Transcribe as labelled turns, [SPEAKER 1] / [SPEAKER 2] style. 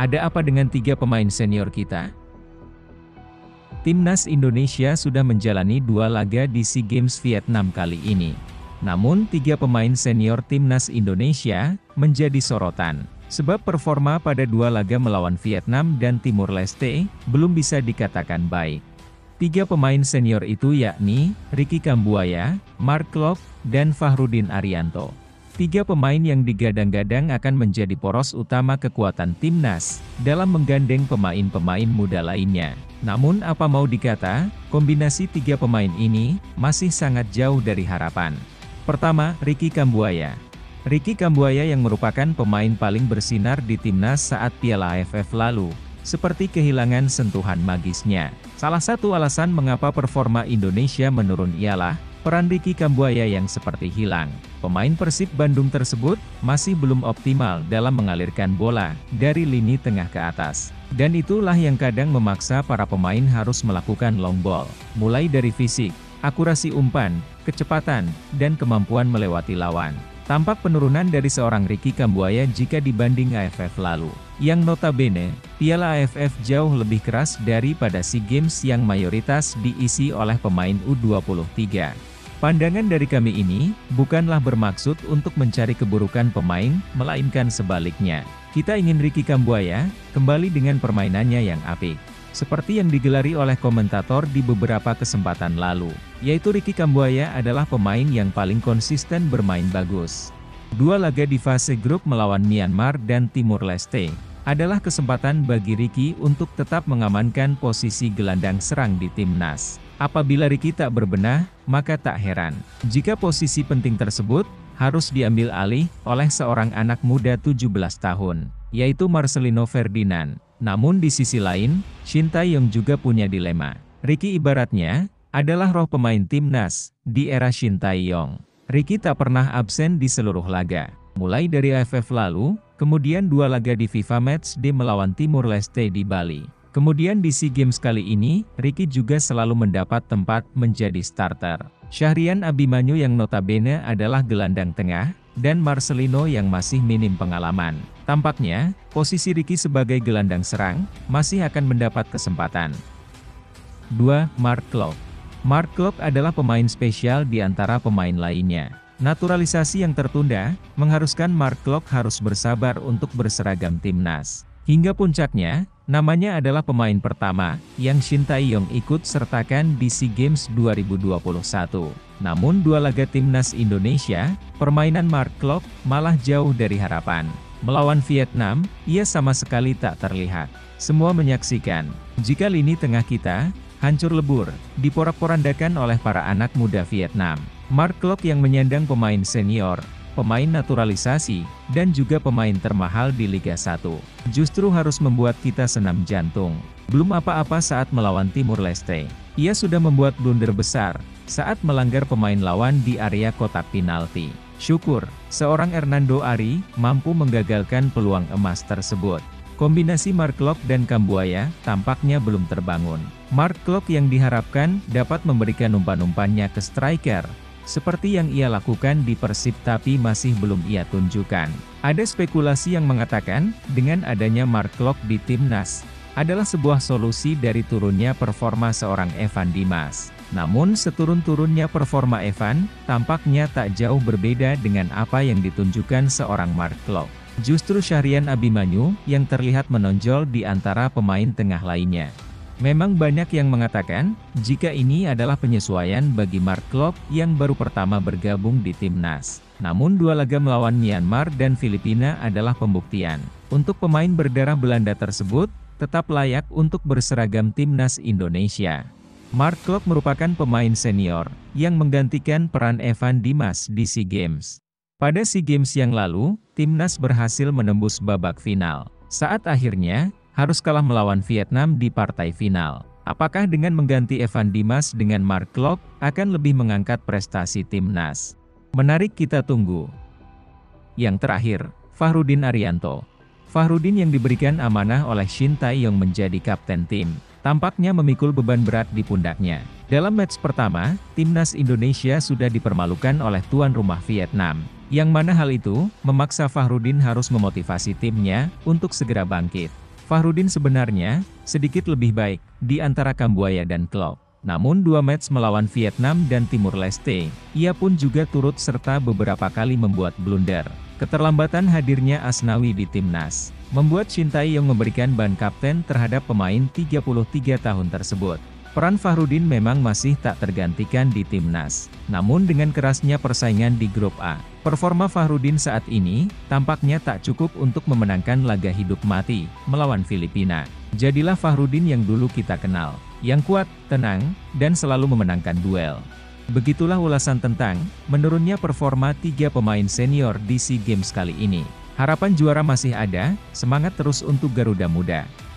[SPEAKER 1] Ada apa dengan tiga pemain senior kita? Timnas Indonesia sudah menjalani dua laga di SEA Games Vietnam kali ini. Namun tiga pemain senior Timnas Indonesia menjadi sorotan. Sebab performa pada dua laga melawan Vietnam dan Timur Leste belum bisa dikatakan baik. Tiga pemain senior itu yakni Ricky Kambuaya, Mark Klopp, dan Fahrudin Arianto. Tiga pemain yang digadang-gadang akan menjadi poros utama kekuatan timnas dalam menggandeng pemain-pemain muda lainnya. Namun apa mau dikata, kombinasi tiga pemain ini masih sangat jauh dari harapan. Pertama, Ricky Kambuaya. Ricky Kambuaya yang merupakan pemain paling bersinar di timnas saat Piala AFF lalu, seperti kehilangan sentuhan magisnya. Salah satu alasan mengapa performa Indonesia menurun ialah, Peran Ricky Kambuaya yang seperti hilang, pemain Persib Bandung tersebut, masih belum optimal dalam mengalirkan bola, dari lini tengah ke atas. Dan itulah yang kadang memaksa para pemain harus melakukan long ball, mulai dari fisik, akurasi umpan, kecepatan, dan kemampuan melewati lawan. Tampak penurunan dari seorang Ricky Kambuaya jika dibanding AFF lalu. Yang notabene, piala AFF jauh lebih keras daripada SEA Games yang mayoritas diisi oleh pemain U23. Pandangan dari kami ini, bukanlah bermaksud untuk mencari keburukan pemain, melainkan sebaliknya. Kita ingin Ricky Kambuaya, kembali dengan permainannya yang apik. Seperti yang digelari oleh komentator di beberapa kesempatan lalu, yaitu Ricky Kambuaya adalah pemain yang paling konsisten bermain bagus. Dua laga di fase grup melawan Myanmar dan Timur Leste, adalah kesempatan bagi Ricky untuk tetap mengamankan posisi gelandang serang di timnas. Apabila Riki tak berbenah, maka tak heran jika posisi penting tersebut harus diambil alih oleh seorang anak muda 17 tahun, yaitu Marcelino Ferdinand. Namun di sisi lain, Shin Tae Yong juga punya dilema. Riki ibaratnya adalah roh pemain timnas di era Shin Tae Yong. Riki tak pernah absen di seluruh laga. Mulai dari AFF lalu, kemudian dua laga di FIFA Match di melawan Timur Leste di Bali. Kemudian di SEA Games kali ini, Ricky juga selalu mendapat tempat menjadi starter. Syahrian Abimanyu yang notabene adalah gelandang tengah, dan Marcelino yang masih minim pengalaman. Tampaknya, posisi Ricky sebagai gelandang serang, masih akan mendapat kesempatan. 2. Mark Klopp Mark Klopp adalah pemain spesial di antara pemain lainnya. Naturalisasi yang tertunda, mengharuskan Mark Klopp harus bersabar untuk berseragam timnas. Hingga puncaknya, namanya adalah pemain pertama yang Shin Tae-yong ikut sertakan di SEA Games 2021. Namun dua laga timnas Indonesia, permainan Mark Klok malah jauh dari harapan. Melawan Vietnam, ia sama sekali tak terlihat. Semua menyaksikan, jika lini tengah kita, hancur lebur, diporak-porandakan oleh para anak muda Vietnam. Mark Klok yang menyandang pemain senior, pemain naturalisasi, dan juga pemain termahal di Liga 1. Justru harus membuat kita senam jantung. Belum apa-apa saat melawan Timur Leste. Ia sudah membuat blunder besar, saat melanggar pemain lawan di area kotak penalti. Syukur, seorang Hernando Ari, mampu menggagalkan peluang emas tersebut. Kombinasi Mark Locke dan Kambuaya tampaknya belum terbangun. Mark Locke yang diharapkan dapat memberikan umpan-umpannya ke striker, seperti yang ia lakukan di Persib tapi masih belum ia tunjukkan. Ada spekulasi yang mengatakan, dengan adanya Mark Klok di Timnas, adalah sebuah solusi dari turunnya performa seorang Evan Dimas. Namun seturun-turunnya performa Evan, tampaknya tak jauh berbeda dengan apa yang ditunjukkan seorang Mark Klok. Justru Syahrian Abimanyu, yang terlihat menonjol di antara pemain tengah lainnya. Memang banyak yang mengatakan, jika ini adalah penyesuaian bagi Mark Klopp yang baru pertama bergabung di timnas. Namun dua laga melawan Myanmar dan Filipina adalah pembuktian. Untuk pemain berdarah Belanda tersebut, tetap layak untuk berseragam timnas Indonesia. Mark Klopp merupakan pemain senior, yang menggantikan peran Evan Dimas di SEA Games. Pada SEA Games yang lalu, timnas berhasil menembus babak final. Saat akhirnya, harus kalah melawan Vietnam di partai final. Apakah dengan mengganti Evan Dimas dengan Mark Klok akan lebih mengangkat prestasi timnas? Menarik kita tunggu. Yang terakhir, Fahrudin Arianto. Fahrudin yang diberikan amanah oleh Shin Tae-yong menjadi kapten tim, tampaknya memikul beban berat di pundaknya. Dalam match pertama, timnas Indonesia sudah dipermalukan oleh tuan rumah Vietnam, yang mana hal itu memaksa Fahrudin harus memotivasi timnya untuk segera bangkit. Fahrudin sebenarnya sedikit lebih baik di antara Kambuaya dan Klopp. Namun dua match melawan Vietnam dan Timur Leste, ia pun juga turut serta beberapa kali membuat blunder. Keterlambatan hadirnya Asnawi di timnas, membuat Shin Tae-yong memberikan ban kapten terhadap pemain 33 tahun tersebut. Peran Fahrudin memang masih tak tergantikan di timnas, namun dengan kerasnya persaingan di grup A, performa Fahrudin saat ini tampaknya tak cukup untuk memenangkan laga hidup mati melawan Filipina. Jadilah Fahrudin yang dulu kita kenal, yang kuat, tenang, dan selalu memenangkan duel. Begitulah ulasan tentang menurunnya performa tiga pemain senior di SEA Games kali ini. Harapan juara masih ada, semangat terus untuk Garuda Muda.